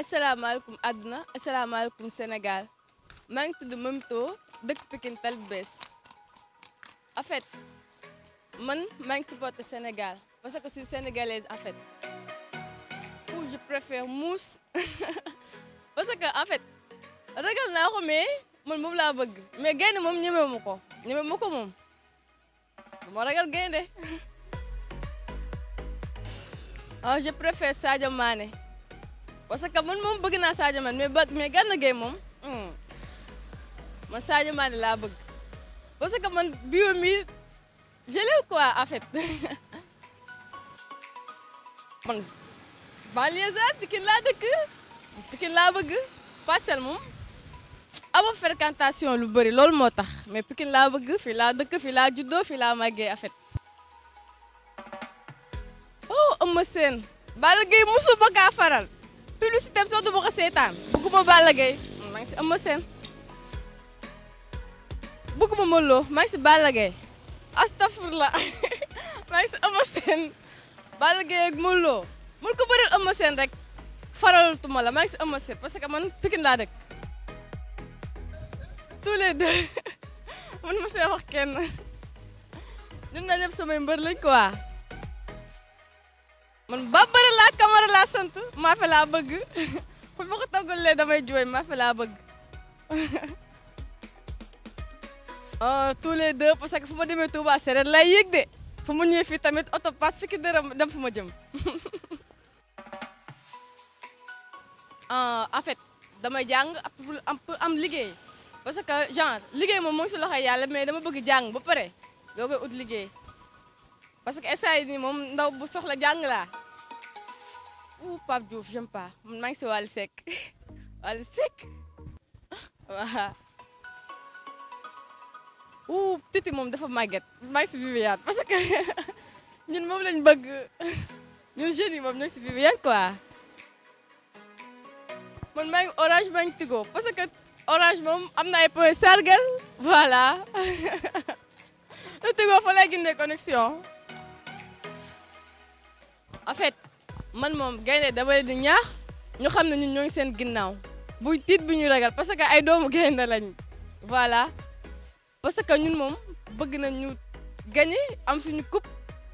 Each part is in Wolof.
asalaamaaleykum àdduna asalaamaaleykum Sénégal maa ngi tudd Mamito dëkk Pikine Tali Bees man maa ngi supporté Sénégal parce que je suis sénégalaise je préfère muus parce que ragal naa ko mais man moom laa bëgg mais moom ñemewu ma ko ñemewu moom dama ragal gaynde ah je préfère Sadio Mané. parce que man moom bëgg naa Sadio Mané mais ba mais Gana moom hmm, man Sadio Mané laa bëgg parce que man bio mi jëlee quoi en fait man banlieusard laa dëkk Pikine laa bëgg parcelle moom amoo fréquentation lu bari loolu moo tax mais Pikine laa bëgg fii laa dëkk fii laa juddoo fii laa màggee en fait oh Eumeu Sène musu ba kaa faral publicité am sax du ma ko seetaan bëgguma Balla Gaye maa ngi si Eumeu Sène bëgguma Modou Lo maa ngi si Balla Gaye rek faralatuma la maa ngi si Eumeu Sène parce que man Pikine laa dëkk tous les deux man ma see wax na ñëpp samay mbër lañ man Bambara laa Camara laa sant maafe laa bëgg fu ma ko toggalee damay jooy maafe laa bëgg oh, tous les deux parce fu ma demee Touba Sereer lay yëg de fu mu ñëwee fii tamit oto pass fukki dërëm dem fu ma jëm ah, en fait damay jàng am liggéey parce que genre liggéey moom mu si loxo yàlla mais dama bëgg jàng ba pare doo koy ut liggéey parce que a yii nii moom ndaw bu soxla jàng laa ou Pape Diouf j'aime pas man maa ngi si Wally Seck Wally Seck waaw ou Titi moom dafa màgget maa ngi si Viviane parce que ñun moom lañ bëgg ñun jeunes yi mom ñoo ngi si Viviane quoi man maa ngi orange maa ngi Tigo parce que orange moom am na ay points sargal voilà Tigo fa lay gindee connexion. en fait man moom gaynde dama leen di ñaax ñu xam ne ñun ñoo ngi seen ginnaaw bu tiit bu ñu ragal parce que ay doomu gaynde lañ voilà parce que ñun moom bëgg nañ ñu gagné am suñu coupe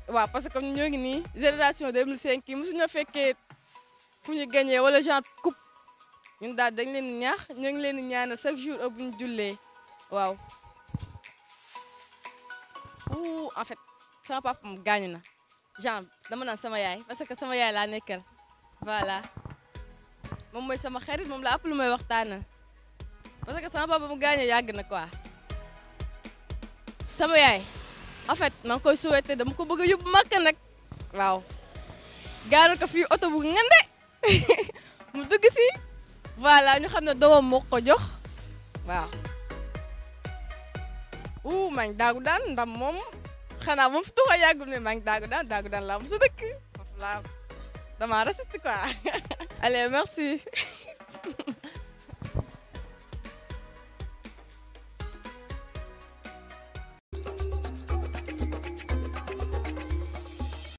waaw parce que ñun ñoo ngi nii génération 2005 yi mosuñoo fekkee fu ñu gagné wala genre coupe ñun daal dañ leen di ñaax ñoo ngi leen di ñaanal chaque jour bu ñu jullee waaw. ou en fait sama papa mu gaañu na. genre dama naan sama yaay parce que sama yaay laa nekkal voilà moom sama xarit moom la ëpp lu may waxtaanal parce que sama papa mu gaañoo yàgg na quoi. sama yaay en fait maa ngi koy souhaité dama ko bëgg a yóbbu Makka nag waaw gaaru ko oto bu ngande mu dugg si voilà ñu xam ne doomam moo ko jox waaw. ouh man daagu daan moom. xanaa moom fi tuxoo yàggul mais maa ngi daagu daan daagu daan laa am sa dëkk foofu laa dama raciste quoi allez merci